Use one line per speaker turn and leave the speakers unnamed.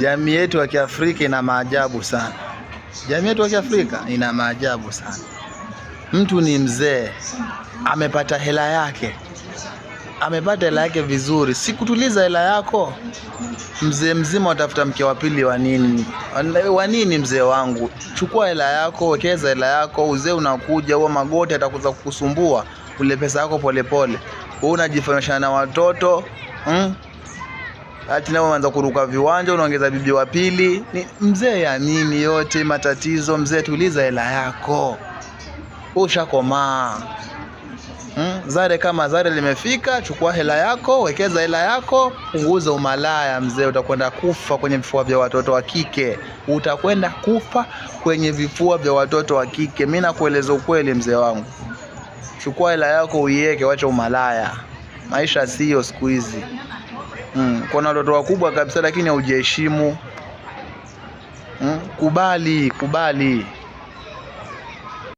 Jamii yetu ya Kiafrika ina maajabu sana. Jamii yetu ya Kiafrika ina maajabu sana. Mtu ni mzee, amepata hela yake, amepata hela yake vizuri, sikutuliza hela yako. Mzee mzima watafuta mke wa pili wa nini? Wa nini? Mzee wangu, chukua hela yako, wekeza hela yako. Uzee unakuja, huo magoti atakuza kukusumbua. Ule pesa yako polepole, wewe unajifanyisha na watoto mm? Ati nao anza kuruka viwanja, unaongeza bibi wa pili. Ni mzee ya nini? Yote matatizo mzee, tuliza hela yako, ushakomaa. hmm? zare kama zare limefika, chukua hela yako, wekeza hela yako, punguza umalaya mzee. Utakwenda kufa kwenye vifua vya watoto wa kike, utakwenda kufa kwenye vifua vya watoto wa kike. Mimi nakueleza ukweli mzee wangu, chukua hela yako uiweke, wacha umalaya. Maisha siyo siku hizi mm. kuna watoto wakubwa kabisa, lakini haujaheshimu mm. Kubali, kubali.